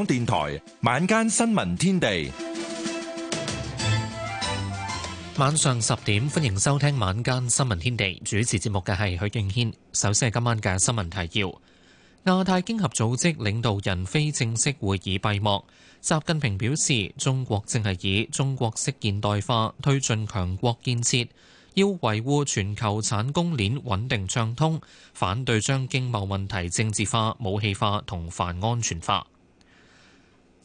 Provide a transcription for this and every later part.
香港電台晚間新聞天地，晚上十點歡迎收聽晚間新聞天地。主持節目嘅係許敬軒。首先係今晚嘅新聞提要：亞太經合組織領導人非正式會議閉幕，習近平表示，中國正係以中國式現代化推進強國建設，要維護全球產供鏈穩定暢通，反對將經貿問題政治化、武器化同泛安全化。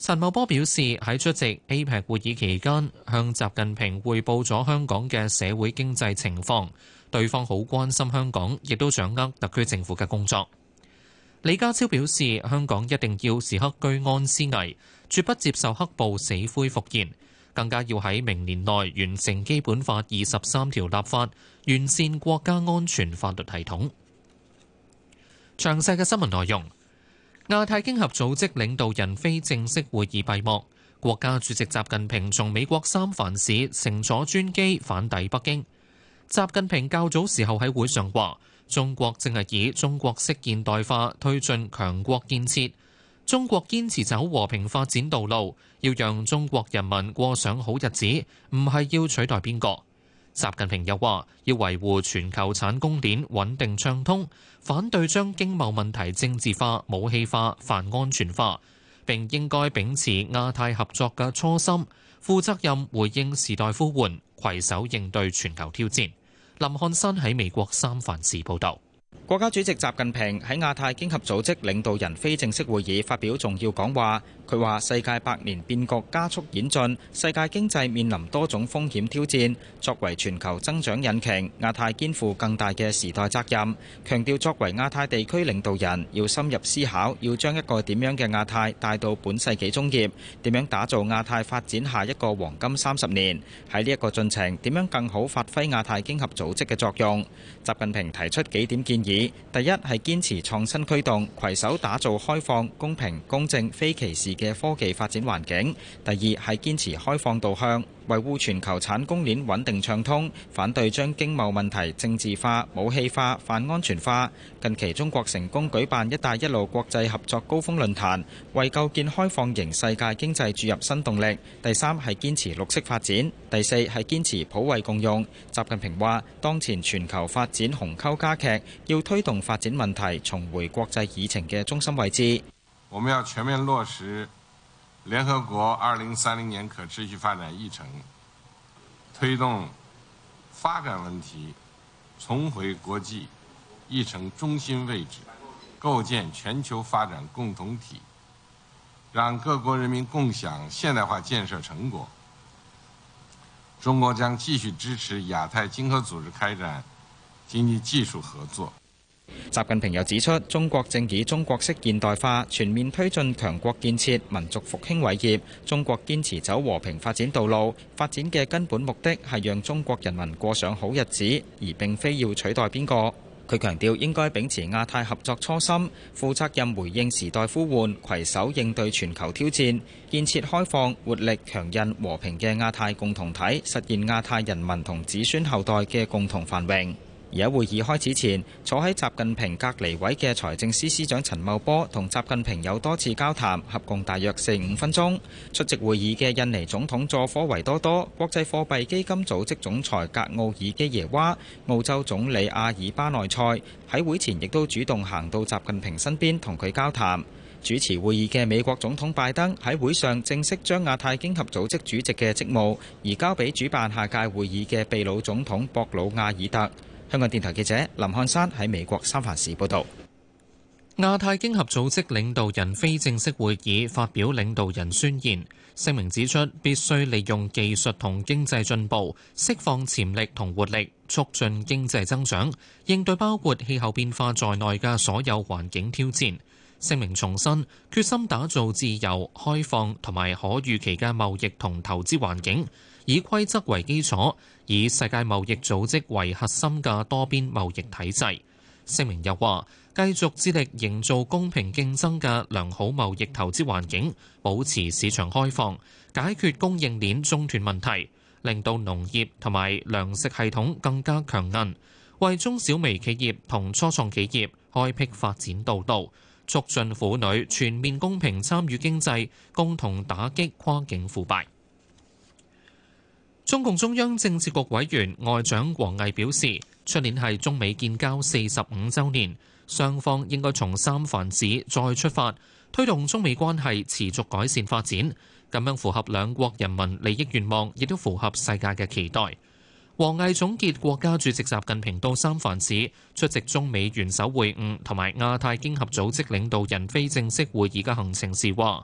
陳茂波表示，喺出席 APEC 會議期間，向習近平匯報咗香港嘅社會經濟情況，對方好關心香港，亦都掌握特區政府嘅工作。李家超表示，香港一定要時刻居安思危，絕不接受黑暴死灰復燃，更加要喺明年內完成基本法二十三條立法，完善國家安全法律系統。詳細嘅新聞內容。亞太經合組織領導人非正式會議閉幕，國家主席習近平從美國三藩市乘坐專機返抵北京。習近平較早時候喺會上話，中國正係以中國式現代化推進強國建設，中國堅持走和平發展道路，要讓中國人民過上好日子，唔係要取代邊個。習近平又話：要維護全球產供鏈穩定暢通，反對將經貿問題政治化、武器化、泛安全化，並應該秉持亞太合作嘅初心，負責任回應時代呼喚，攜手應對全球挑戰。林漢山喺美國三藩市報道。國家主席習近平喺亞太經合組織領導人非正式會議發表重要講話。佢話：世界百年變局加速演進，世界經濟面臨多種風險挑戰。作為全球增長引擎，亞太肩負更大嘅時代責任。強調作為亞太地區領導人，要深入思考，要將一個點樣嘅亞太帶到本世紀中葉。點樣打造亞太發展下一個黃金三十年？喺呢一個進程，點樣更好發揮亞太經合組織嘅作用？習近平提出幾點建議。第一係堅持創新驅動，攜手打造開放、公平、公正、非歧視嘅科技發展環境；第二係堅持開放導向，維護全球產供鏈穩定暢通，反對將經貿問題政治化、武器化、泛安全化。近期中國成功舉辦「一帶一路」國際合作高峰論壇，為構建開放型世界經濟注入新動力。第三係堅持綠色發展；第四係堅持普惠共用。習近平話：當前全球發展鴻溝加劇，要推動發展問題重回國際議程的中心位置。我們要全面落實聯合國二零三零年可持續發展議程，推動發展問題重回國際議程中心位置，構建全球發展共同體，讓各國人民共享現代化建設成果。中國將繼續支持亞太經合組織開展經濟技術合作。習近平又指出，中國正以中國式現代化全面推進強國建設、民族復興偉業。中國堅持走和平發展道路，發展嘅根本目的係讓中國人民過上好日子，而並非要取代邊個。佢強調，應該秉持亞太合作初心，負責任回應時代呼喚，攜手應對全球挑戰，建設開放、活力、強韌、和平嘅亞太共同體，實現亞太人民同子孫後代嘅共同繁榮。而喺會議開始前，坐喺習近平隔離位嘅財政司司長陳茂波同習近平有多次交談，合共大約四五分鐘。出席會議嘅印尼總統佐科維多多、國際貨幣基金組織總裁格奧爾基耶娃、澳洲總理阿爾巴內塞喺會前亦都主動行到習近平身邊同佢交談。主持會議嘅美國總統拜登喺會上正式將亞太經合組織主席嘅職務移交俾主辦下屆會議嘅秘魯總統博魯亞爾特。香港電台記者林漢山喺美國三藩市報道，亞太經合組織領導人非正式會議發表領導人宣言，聲明指出必須利用技術同經濟進步，釋放潛力同活力，促進經濟增長，應對包括氣候變化在內嘅所有環境挑戰。聲明重申決心打造自由、開放同埋可預期嘅貿易同投資環境。以規則為基礎，以世界貿易組織為核心嘅多邊貿易體制。聲明又話，繼續致力營造公平競爭嘅良好貿易投資環境，保持市場開放，解決供應鏈中斷問題，令到農業同埋糧食系統更加強韌，為中小微企業同初創企業開闢發展道路，促進婦女全面公平參與經濟，共同打擊跨境腐敗。中共中央政治局委員外長王毅表示，出年係中美建交四十五周年，雙方應該從三藩市再出發，推動中美關係持續改善發展，咁樣符合兩國人民利益願望，亦都符合世界嘅期待。王毅總結國家主席習近平到三藩市出席中美元首會晤同埋亞太經合組織領導人非正式會議嘅行程時話。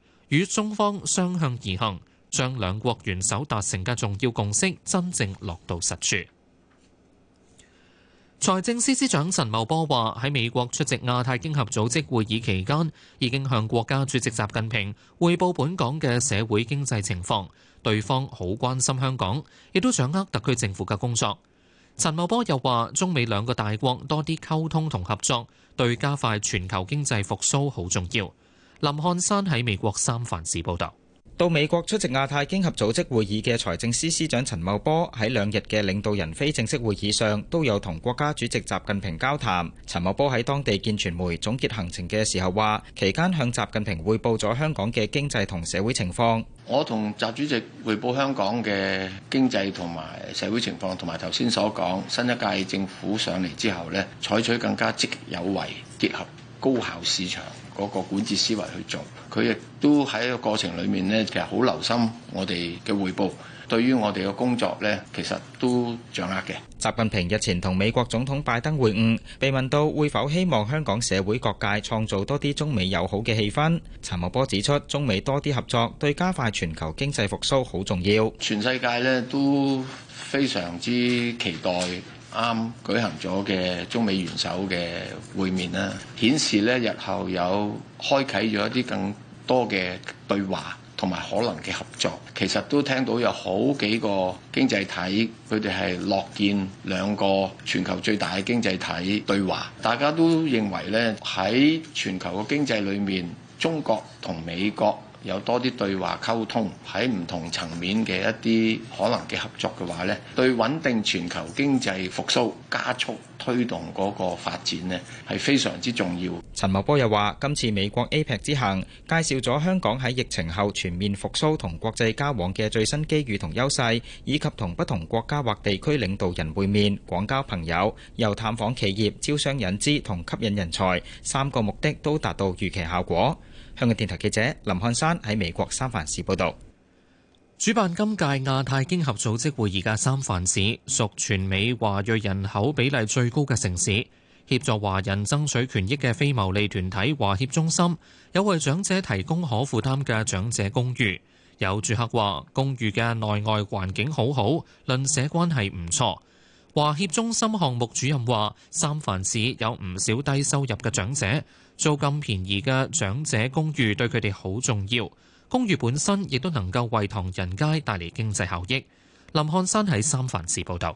與中方相向而行，將兩國元首達成嘅重要共識真正落到實處。財政司司長陳茂波話：喺美國出席亞太經合組織會議期間，已經向國家主席習近平匯報本港嘅社會經濟情況。對方好關心香港，亦都掌握特區政府嘅工作。陳茂波又話：中美兩個大國多啲溝通同合作，對加快全球經濟復甦好重要。林漢山喺美國三藩市報道，到美國出席亞太經合組織會議嘅財政司司長陳茂波喺兩日嘅領導人非正式會議上，都有同國家主席習近平交談。陳茂波喺當地見傳媒總結行程嘅時候話，期間向習近平匯報咗香港嘅經濟同社會情況。我同習主席匯報香港嘅經濟同埋社會情況，同埋頭先所講，新一屆政府上嚟之後咧，採取更加積極有為結合。高效市場嗰個管治思維去做，佢亦都喺個過程裏面咧，其實好留心我哋嘅匯報，對於我哋嘅工作咧，其實都掌握嘅。習近平日前同美國總統拜登會晤，被問到會否希望香港社會各界創造多啲中美友好嘅氣氛，陳茂波指出，中美多啲合作對加快全球經濟復甦好重要，全世界咧都非常之期待。啱舉行咗嘅中美元首嘅會面啦，顯示咧日後有開啓咗一啲更多嘅對話同埋可能嘅合作。其實都聽到有好幾個經濟體，佢哋係樂見兩個全球最大嘅經濟體對話。大家都認為咧喺全球嘅經濟裏面，中國同美國，有多啲對話溝通，喺唔同層面嘅一啲可能嘅合作嘅話呢，對穩定全球經濟復甦、加速推動嗰個發展呢，係非常之重要。陳茂波又話：今次美國 APEC 之行，介紹咗香港喺疫情後全面復甦同國際交往嘅最新機遇同優勢，以及同不同國家或地區領導人會面、廣交朋友、又探訪企業、招商引資同吸引人才三個目的都達到預期效果。香港電台記者林漢山喺美國三藩市報道，主辦今屆亞太經合組織會議嘅三藩市屬全美華裔人口比例最高嘅城市，協助華人爭取權益嘅非牟利團體華協中心有為長者提供可負擔嘅長者公寓，有住客話公寓嘅內外環境好好，鄰舍關係唔錯。華協中心項目主任話，三藩市有唔少低收入嘅長者。做咁便宜嘅長者公寓對佢哋好重要，公寓本身亦都能夠為唐人街帶嚟經濟效益。林漢山喺三藩市報導。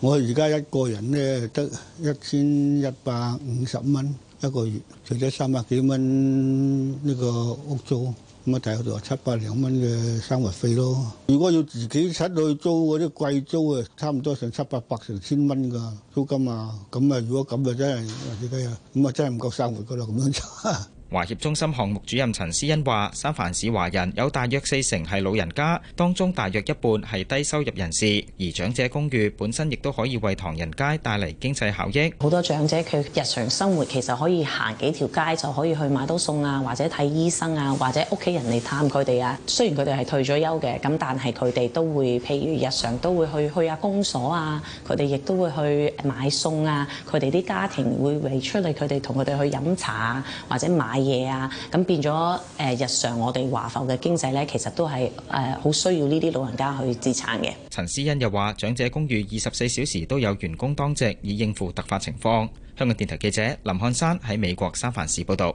我而家一個人咧得一千一百五十蚊一個月，除咗三百幾蚊呢個屋租，咁啊大概就七百零蚊嘅生活費咯。如果要自己出去租嗰啲貴租啊，差唔多成七八百，百成千蚊噶租金啊，咁啊如果咁啊真係自己啊，咁啊真係唔夠生活噶咯咁樣。 華協中心項目主任陳思恩話：三藩市華人有大約四成係老人家，當中大約一半係低收入人士，而長者公寓本身亦都可以為唐人街帶嚟經濟效益。好多長者佢日常生活其實可以行幾條街就可以去買到餸啊，或者睇醫生啊，或者屋企人嚟探佢哋啊。雖然佢哋係退咗休嘅，咁但係佢哋都會，譬如日常都會去去下公所啊，佢哋亦都會去買餸啊，佢哋啲家庭會出嚟，佢哋同佢哋去飲茶啊，或者買。嘢啊，咁變咗誒，日常我哋華埠嘅經濟咧，其實都係誒好需要呢啲老人家去資產嘅。陳思恩又話：長者公寓二十四小時都有員工當值，以應付突發情況。香港電台記者林漢山喺美國三藩市報道。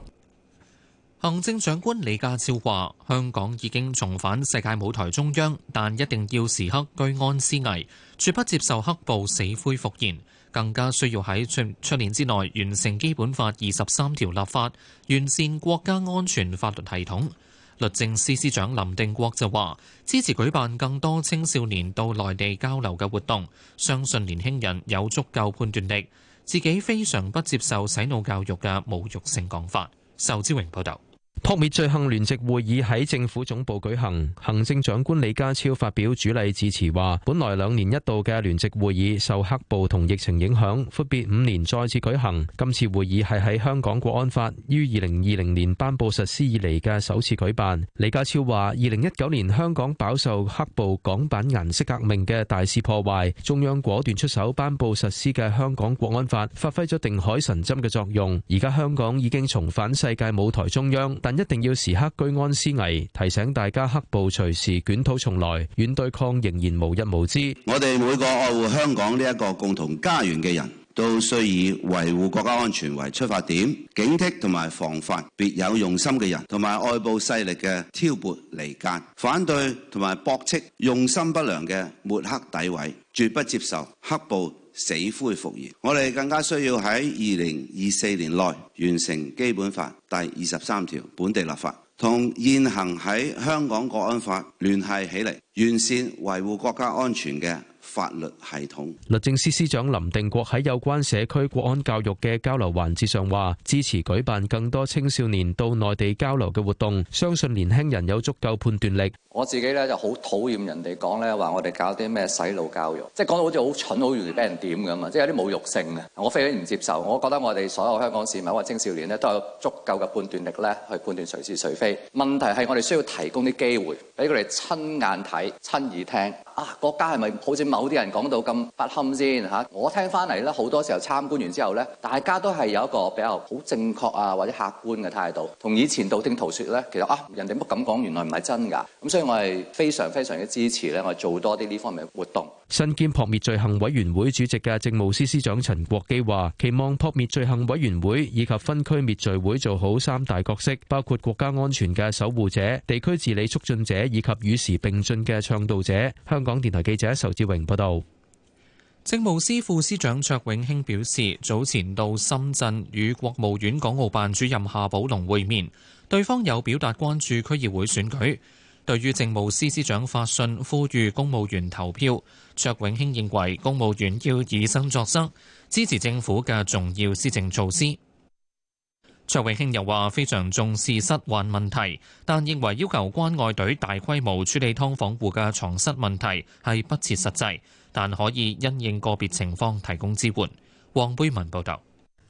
行政長官李家超話：香港已經重返世界舞台中央，但一定要時刻居安思危，絕不接受黑暴死灰復燃。更加需要喺出年之內完成基本法二十三條立法，完善國家安全法律系統。律政司司長林定國就話支持舉辦更多青少年到內地交流嘅活動，相信年輕人有足夠判斷力，自己非常不接受洗腦教育嘅侮辱性講法。仇志榮報道。撲滅罪行聯席會議喺政府總部舉行，行政長官李家超發表主禮致辭，話本來兩年一度嘅聯席會議受黑暴同疫情影響，闊別五年再次舉行。今次會議係喺香港國安法於二零二零年頒布實施以嚟嘅首次舉辦。李家超話：二零一九年香港飽受黑暴、港版顏色革命嘅大肆破壞，中央果斷出手頒布實施嘅香港國安法，發揮咗定海神針嘅作用。而家香港已經重返世界舞台中央。但一定要時刻居安思危，提醒大家黑暴隨時捲土重來，軟對抗仍然無日無之。我哋每個愛護香港呢一個共同家園嘅人都需以維護國家安全為出發點，警惕同埋防範別有用心嘅人同埋外部勢力嘅挑撥離間、反對同埋駁斥用心不良嘅抹黑、詆毀，絕不接受黑暴死灰復燃，我哋更加需要喺二零二四年內完成基本法第二十三條本地立法，同現行喺香港國安法聯繫起嚟，完善維護國家安全嘅法律系統，律政司司長林定國喺有關社區國安教育嘅交流環節上話，支持舉辦更多青少年到內地交流嘅活動。相信年輕人有足夠判斷力。我自己咧就好討厭人哋講咧話我哋搞啲咩洗腦教育，即係講到好似好蠢，好容易俾人點咁啊！即係有啲侮辱性呀，我非常唔接受。我覺得我哋所有香港市民或青少年咧都有足夠嘅判斷力咧去判斷誰是誰非。問題係我哋需要提供啲機會俾佢哋親眼睇、親耳聽。啊，國家係咪好似？某啲人講到咁不堪先嚇，我聽翻嚟咧，好多時候參觀完之後咧，大家都係有一個比較好正確啊或者客觀嘅態度，同以前道聽途説咧，其實啊人哋乜噉講，原來唔係真㗎。咁所以我係非常非常之支持咧，我做多啲呢方面嘅活動。身兼撲滅罪行委員會主席嘅政務司司長陳國基話，期望撲滅罪行委員會以及分區滅罪會做好三大角色，包括國家安全嘅守護者、地區治理促進者以及與時並進嘅倡導者。香港電台記者仇志榮。報道，政務司副司長卓永興表示，早前到深圳與國務院港澳辦主任夏寶龍會面，對方有表達關注區議會選舉。對於政務司司長發信呼籲公務員投票，卓永興認為公務員要以身作則，支持政府嘅重要施政措施。卓永興又話：非常重視蝨患問題，但認為要求關愛隊大規模處理劏房戶嘅床蝨問題係不切實際，但可以因應個別情況提供支援。黃貝文報道。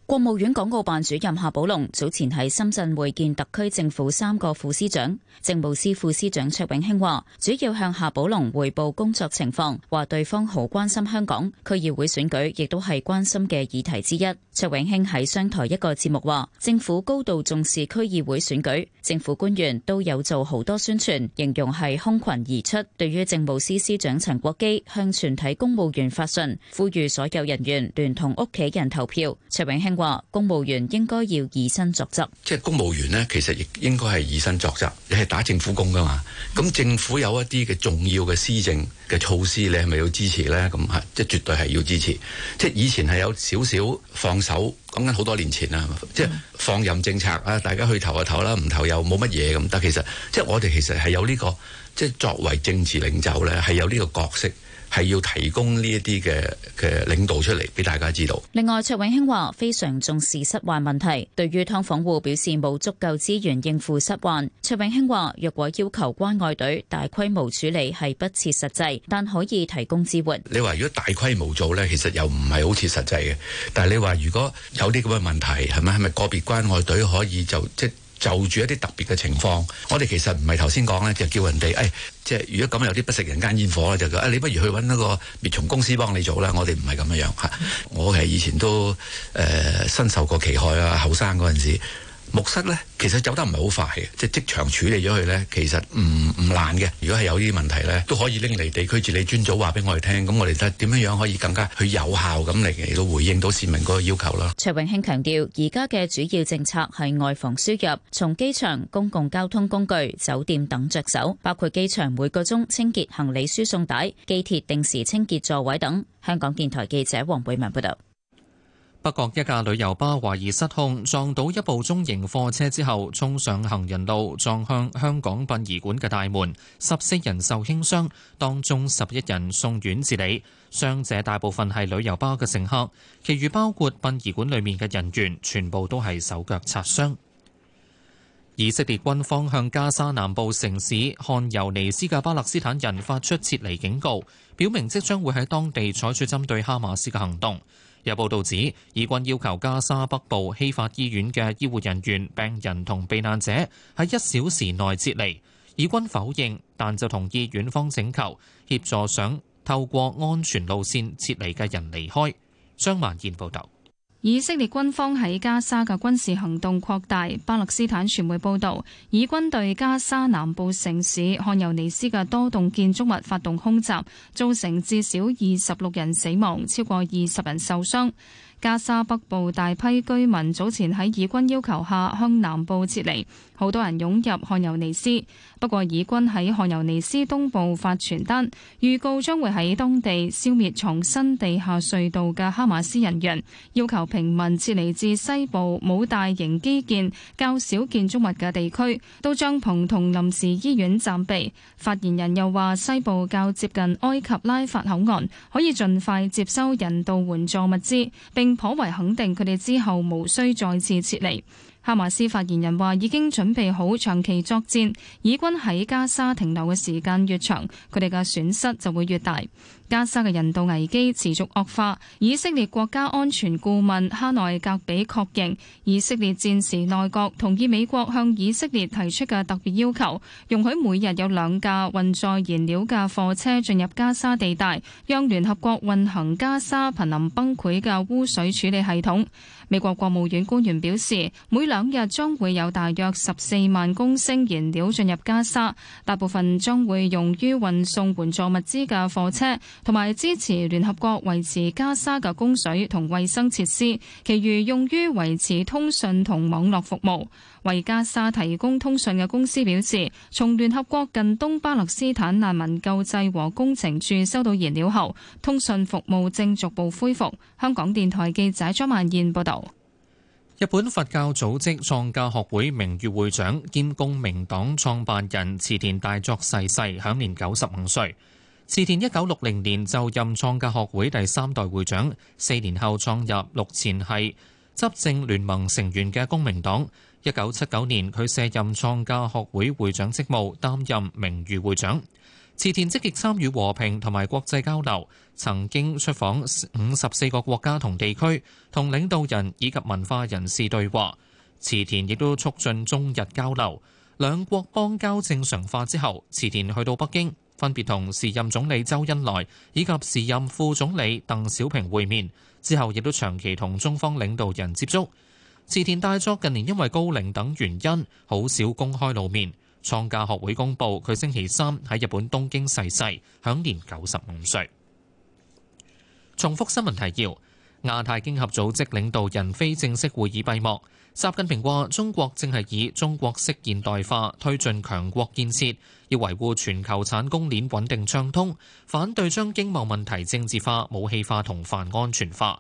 國務院港澳辦主任夏寶龍早前喺深圳會見特區政府三個副司長，政務司副司長卓永興話，主要向夏寶龍匯報工作情況，話對方好關心香港，區議會選舉亦都係關心嘅議題之一。卓永興喺商台一個節目話，政府高度重視區議會選舉，政府官員都有做好多宣傳，形容係空群而出。對於政務司司長陳國基向全體公務員發信，呼籲所有人員聯同屋企人投票，卓永興。話公務員應該要以身作則，即係公務員呢，其實亦應該係以身作則。你係打政府工噶嘛。咁政府有一啲嘅重要嘅施政嘅措施，你係咪要支持呢？咁啊，即係絕對係要支持。即係以前係有少少放手，講緊好多年前啦，嗯、即係放任政策啊，大家去投就投啦，唔投又冇乜嘢咁。但其實，即係我哋其實係有呢、個，即係作為政治領袖呢，係有呢個角色。係要提供呢一啲嘅嘅領導出嚟俾大家知道。另外，卓永興話非常重視失患問題，對於劏房戶表示冇足夠資源應付失患。卓永興話，若果要求關愛隊大規模處理係不切實際，但可以提供支援。你話如果大規模做呢，其實又唔係好切實際嘅。但係你話如果有啲咁嘅問題，係咪係咪個別關愛隊可以就即？就住一啲特別嘅情況，我哋其實唔係頭先講呢，就叫人哋誒、哎，即係如果咁有啲不食人間煙火咧，就誒、是哎、你不如去揾一個滅蟲公司幫你做啦。我哋唔係咁樣嚇、啊，我係 以前都誒身、呃、受過其害啊，後生嗰陣時。木蝨咧，其實走得唔係好快嘅，即係即場處理咗佢咧，其實唔唔難嘅。如果係有呢啲問題咧，都可以拎嚟地區治理專組話俾我哋聽，咁我哋睇點樣樣可以更加去有效咁嚟嚟到回應到市民嗰個要求啦。卓永興強調，而家嘅主要政策係外防輸入，從機場、公共交通工具、酒店等着手，包括機場每個鐘清潔行李輸送帶、機鐵定時清潔座位等。香港電台記者黃慧文報道。北角一架旅遊巴懷疑失控，撞到一部中型貨車之後，衝上行人路，撞向香港殯儀館嘅大門，十四人受輕傷，當中十一人送院治理。傷者大部分係旅遊巴嘅乘客，其餘包括殯儀館裡面嘅人員，全部都係手腳擦傷。以色列軍方向加沙南部城市汗尤尼斯嘅巴勒斯坦人發出撤離警告，表明即將會喺當地採取針對哈馬斯嘅行動。有報道指，以軍要求加沙北部希法醫院嘅醫護人員、病人同避難者喺一小時內撤離。以軍否認，但就同意院方請求，協助想透過安全路線撤離嘅人離開。張萬燕報道。以色列軍方喺加沙嘅軍事行動擴大。巴勒斯坦傳媒報道，以軍對加沙南部城市汗尤尼斯嘅多棟建築物發動空襲，造成至少二十六人死亡，超過二十人受傷。加沙北部大批居民早前喺以軍要求下向南部撤離。好多人湧入漢尤尼斯，不過以軍喺漢尤尼斯東部發傳單預告將會喺當地消滅藏身地下隧道嘅哈馬斯人員，要求平民撤離至西部冇大型基建、較少建築物嘅地區到帳篷同臨時醫院暫避。發言人又話西部較接近埃及拉法口岸，可以盡快接收人道援助物資，並頗為肯定佢哋之後無需再次撤離。哈馬斯發言人話：已經準備好長期作戰，以軍喺加沙停留嘅時間越長，佢哋嘅損失就會越大。加沙嘅人道危機持續惡化。以色列國家安全顧問哈內格比確認，以色列戰時內閣同意美國向以色列提出嘅特別要求，容許每日有兩架運載燃料嘅貨車進入加沙地帶，讓聯合國運行加沙瀕臨崩潰嘅污水處理系統。美國國務院官員表示，每兩日將會有大約十四萬公升燃料進入加沙，大部分將會用於運送援助物資嘅貨車。同埋支持聯合國維持加沙嘅供水同衛生設施，其餘用於維持通訊同網絡服務。為加沙提供通訊嘅公司表示，從聯合國近東巴勒斯坦難民救濟和工程處收到燃料後，通訊服務正逐步恢復。香港電台記者張萬燕報導。日本佛教組織創價學會名譽會長兼公明黨創辦人池田大作逝世，世，享年九十五歲。池田一九六零年就任創價學會第三代會長，四年後創立目前係執政聯盟成員嘅公明黨。一九七九年佢卸任創價學會會長職務，擔任名譽會長。池田積極參與和平同埋國際交流，曾經出訪五十四個國家同地區，同領導人以及文化人士對話。池田亦都促進中日交流，兩國邦交正常化之後，池田去到北京。分別同時任總理周恩來以及時任副總理鄧小平會面之後，亦都長期同中方領導人接觸。池田大作近年因為高齡等原因，好少公開露面。創價學會公佈，佢星期三喺日本東京逝世，享年九十五歲。重複新聞提要：亞太經合組織領導人非正式會議閉幕。習近平話：中國正係以中國式現代化推進強國建設，要維護全球產供鏈穩定暢通，反對將經貿問題政治化、武器化同泛安全化。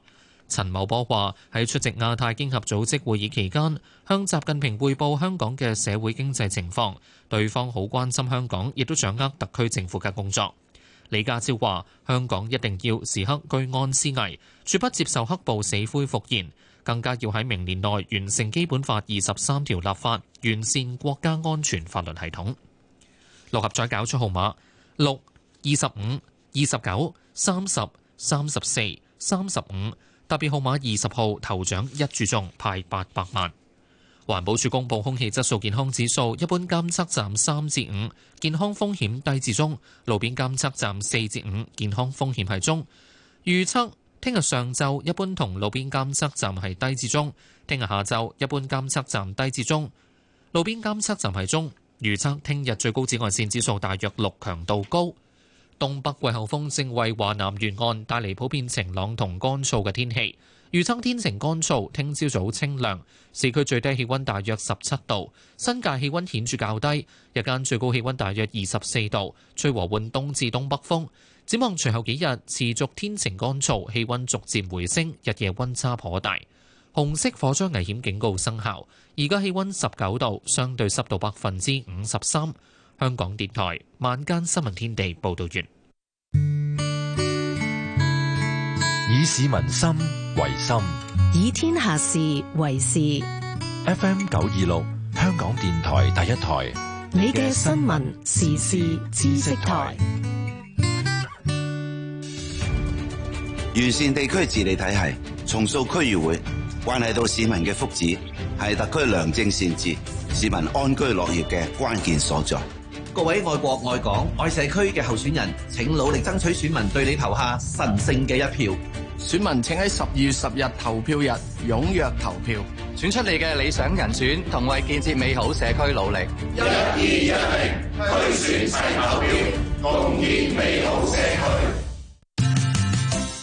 陳茂波話：喺出席亞太經合組織會議期間，向習近平匯報香港嘅社會經濟情況，對方好關心香港，亦都掌握特區政府嘅工作。李家超話：香港一定要時刻居安思危，絕不接受黑暴死灰復燃。更加要喺明年內完成基本法二十三條立法，完善國家安全法律系統。六合彩搞出號碼六、二十五、二十九、三十、三十四、三十五。特別號碼二十號，頭獎一注中，派八百萬。環保署公佈空氣質素健康指數，一般監測站三至五，健康風險低至中；路邊監測站四至五，健康風險係中。預測。聽日上晝一般同路邊監測站係低至中，聽日下晝一般監測站低至中，路邊監測站係中。預測聽日最高紫外線指數大約六，強度高。東北季候風正為華南沿岸帶嚟普遍晴朗同乾燥嘅天氣，預測天晴乾燥，聽朝早清涼，市區最低氣温大約十七度，新界氣温顯著較低，日間最高氣温大約二十四度，吹和緩東至東北風。展望隨後幾日持續天晴乾燥，氣温逐漸回升，日夜温差頗大。紅色火災危險警告生效，而家氣温十九度，相對濕度百分之五十三。香港電台晚間新聞天地報道完。以市民心為心，以天下事為事。FM 九二六，香港電台第一台，你嘅新聞時事知識台。完善地區治理體系，重塑區議會，關係到市民嘅福祉，係特區良政善治、市民安居樂業嘅關鍵所在。各位愛國愛港愛社區嘅候選人，請努力爭取選民對你投下神聖嘅一票。選民請喺十二月十日投票日，踴躍投票，選出你嘅理想人選，同為建設美好社區努力。一、二、一零，齊推選、齊投票，共建美好社區。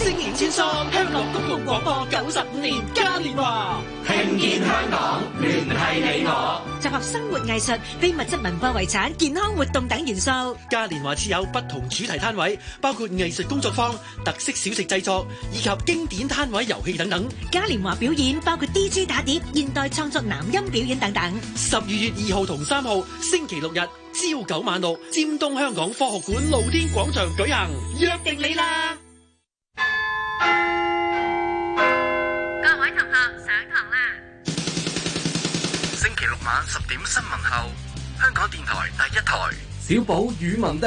星年穿梭，香港公共廣播九十五年嘉年華，華聽見香港，聯繫你我，集合生活藝術、非物質文化遺產、健康活動等元素。嘉年華設有不同主題攤位，包括藝術工作坊、特色小食製作以及經典攤位遊戲等等。嘉年華表演包括 DJ 打碟、現代創作男音表演等等。十二月二號同三號星期六日，朝九晚六，尖東香港科學館露天廣場舉行，約定你啦！點新聞後，香港電台第一台小寶與文迪，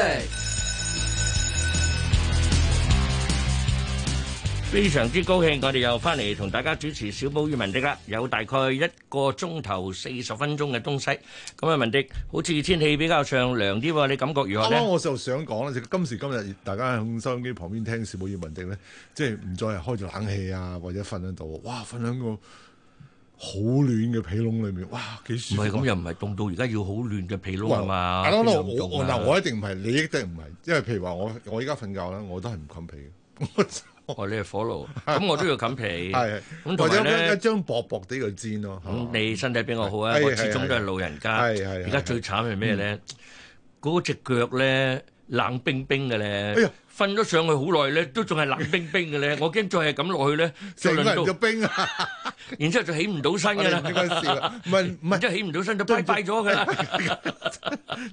非常之高興，我哋又翻嚟，同大家主持小寶與文迪啦。有大概一個鐘頭四十分鐘嘅東西。咁啊，文迪，好似天氣比較上涼啲喎，你感覺如何咧？剛剛，我就想講咧，今時今日大家響收音機旁邊聽小寶與文迪咧，即係唔再係開住冷氣啊，或者瞓喺度，哇，瞓喺個。好暖嘅被籠裏面，哇，幾舒服。唔係咁又唔係凍到而家要好暖嘅被籠啊嘛！嗱哇、啊，我一定唔係，你一定唔係，因為譬如話我我依家瞓覺咧，我都係唔冚被嘅。我，我、哦、你係火爐，咁我都要冚被，係咁同一張薄薄地嘅氈咯。你身體比我好啊，的我始終都係老人家，而家最慘係咩咧？嗰隻腳咧。冷冰冰嘅咧，哎呀，瞓咗上去好耐咧，都仲係冷冰冰嘅咧，我驚再係咁落去咧，上嚟，就冰啊！然之後就起唔到身嘅，唔係唔係，即係起唔到身就拜拜咗佢啦。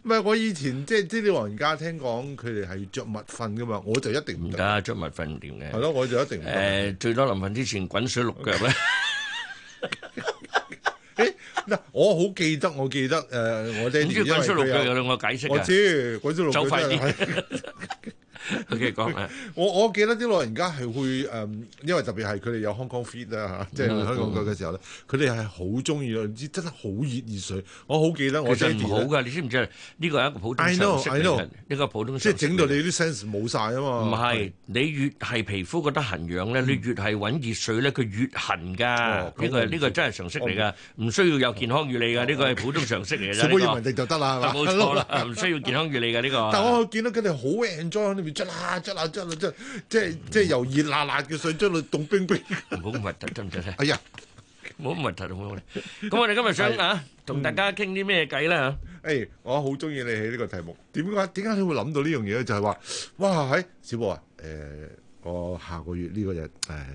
唔係我以前即係即啲老人家聽講佢哋係着襪瞓噶嘛，我就一定唔得着襪瞓唔掂嘅，係咯、啊，我就一定誒、呃，最多臨瞓之前滾水渌腳咧。Okay. 嗱，我好記得，我記得，誒， 我爹哋。我知有兩個解釋。我知，走快啲。 OK 講我我記得啲老人家係會誒，因為特別係佢哋有 Hong Kong feed 啦，即係香港嘅時候咧，佢哋係好中意，唔知真係好熱熱水。我好記得我姐。其實唔好噶，你知唔知，呢個係一個普通常識嚟嘅。一個普通。即係整到你啲 sense 冇晒啊嘛。唔係，你越係皮膚覺得痕癢咧，你越係搵熱水咧，佢越痕噶。呢個呢個真係常識嚟噶，唔需要有健康護理噶，呢個係普通常識嚟嘅。少啲人哋就得啦，係嘛？冇錯啦，唔需要健康護理噶呢個。但我見到佢哋好 enjoy。捽啦，捽啊，捽即係即係由熱辣辣嘅水，捽到凍冰冰。唔好咁核突得唔得咧？哎呀，唔好咁核突好唔好咧？咁我哋今日想啊，同是大家傾啲咩計咧嚇？我好中意你喺呢個題目。點解？點解你會諗到呢樣嘢咧？就係、是、話，哇！喺、哎、小波啊，誒、欸，我下個月呢個日誒。哎